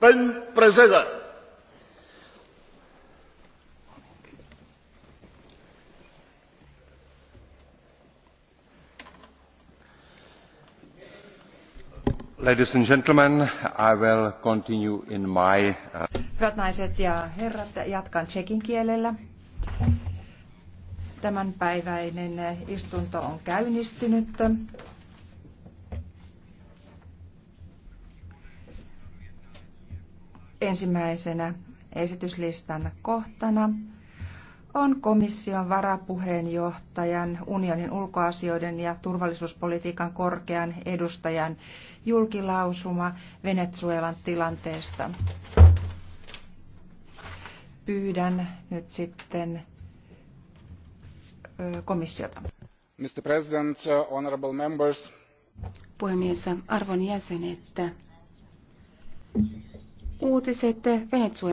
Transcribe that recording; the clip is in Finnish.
Pan prezydent. Ladies and gentlemen, I will continue in my... Uh, Hyvät naiset ja herrat, jatkan tsekin kielellä. Tämänpäiväinen istunto on käynnistynyt. Ensimmäisenä esityslistan kohtana on komission varapuheenjohtajan, unionin ulkoasioiden ja turvallisuuspolitiikan korkean edustajan julkilausuma Venezuelan tilanteesta. Pyydän nyt sitten komissiota. Mr. President, honorable members. Puhemies, arvon jäsenet, Uutiset Venezuelasta.